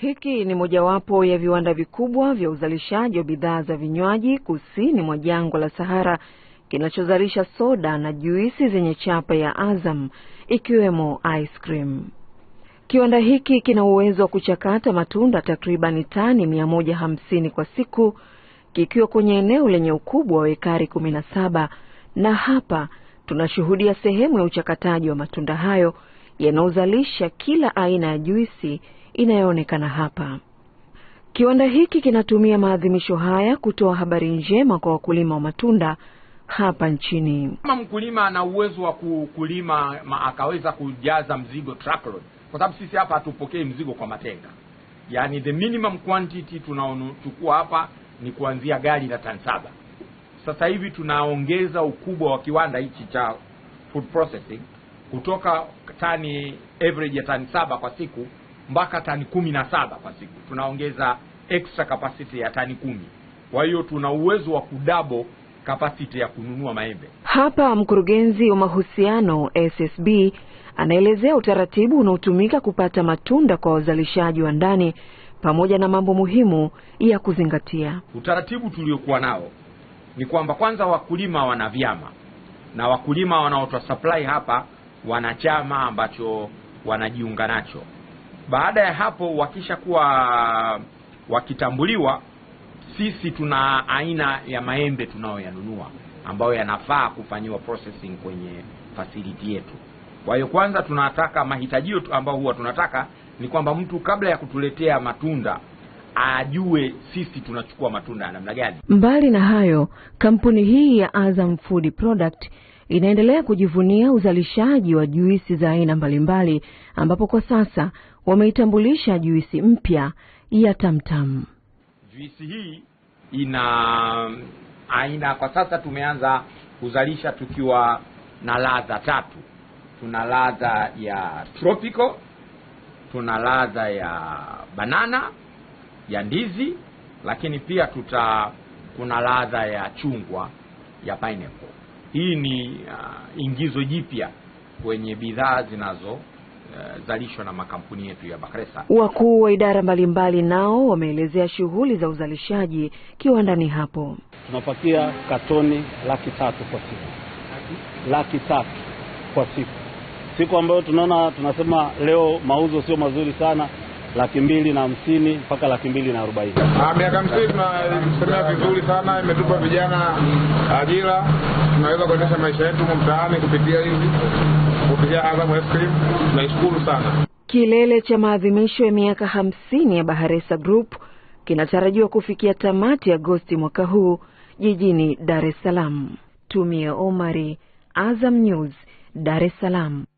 Hiki ni mojawapo ya viwanda vikubwa vya uzalishaji wa bidhaa za vinywaji kusini mwa jangwa la Sahara kinachozalisha soda na juisi zenye chapa ya Azam ikiwemo ice cream. Kiwanda hiki kina uwezo wa kuchakata matunda takribani tani 150 kwa siku kikiwa kwenye eneo lenye ukubwa wa ekari 17 na hapa tunashuhudia sehemu ya uchakataji wa matunda hayo yanayozalisha kila aina ya juisi inayoonekana hapa. Kiwanda hiki kinatumia maadhimisho haya kutoa habari njema kwa wakulima wa matunda hapa nchini. Kama mkulima ana uwezo wa kulima akaweza kujaza mzigo truckload, kwa sababu sisi hapa hatupokei mzigo kwa matenga, yaani the minimum quantity tunaochukua hapa ni kuanzia gari la tani saba. Sasa hivi tunaongeza ukubwa wa kiwanda hichi cha food processing kutoka tani average ya tani saba kwa siku mpaka tani kumi na saba kwa siku, tunaongeza extra capacity ya tani kumi. Kwa hiyo tuna uwezo wa kudabo kapasiti ya kununua maembe. Hapa mkurugenzi wa mahusiano SSB anaelezea utaratibu unaotumika kupata matunda kwa wazalishaji wa ndani pamoja na mambo muhimu ya kuzingatia. Utaratibu tuliokuwa nao ni kwamba kwanza, wakulima wana vyama na wakulima wanaotoa supply hapa wana chama ambacho wanajiunga nacho. Baada ya hapo wakishakuwa wakitambuliwa, sisi tuna aina ya maembe tunayoyanunua ambayo yanafaa kufanyiwa processing kwenye facility yetu. Kwa hiyo kwanza, tunataka mahitajio ambayo huwa tunataka ni kwamba mtu kabla ya kutuletea matunda ajue sisi tunachukua matunda ya namna gani. Mbali na hayo, kampuni hii ya Azam Food Product inaendelea kujivunia uzalishaji wa juisi za aina mbalimbali ambapo kwa sasa wameitambulisha juisi mpya ya Tamtam. Juisi hii ina aina, kwa sasa tumeanza kuzalisha tukiwa na ladha tatu. Tuna ladha ya tropico tuna ladha ya banana ya ndizi, lakini pia tuta kuna ladha ya chungwa ya pineapple. Hii ni uh, ingizo jipya kwenye bidhaa zinazo uh, zalishwa na makampuni yetu ya Bakresa. Wakuu wa idara mbalimbali nao wameelezea shughuli za uzalishaji kiwandani hapo. Tunapakia katoni laki tatu kwa siku, laki tatu kwa siku, siku ambayo tunaona tunasema leo mauzo sio mazuri sana, laki mbili na hamsini mpaka laki mbili na arobaini. Ah, miaka hamsini tunaisemea vizuri sana, imetupa vijana ajira, tunaweza kuendesha maisha yetu mtaani kupitia hivi kupitia Azam Ice Cream. Naishukuru sana. Kilele cha maadhimisho ya miaka hamsini ya Baharesa Group kinatarajiwa kufikia tamati Agosti mwaka huu jijini Dar es Salaam. Tumie Omari, Azam News, Dar es Salaam.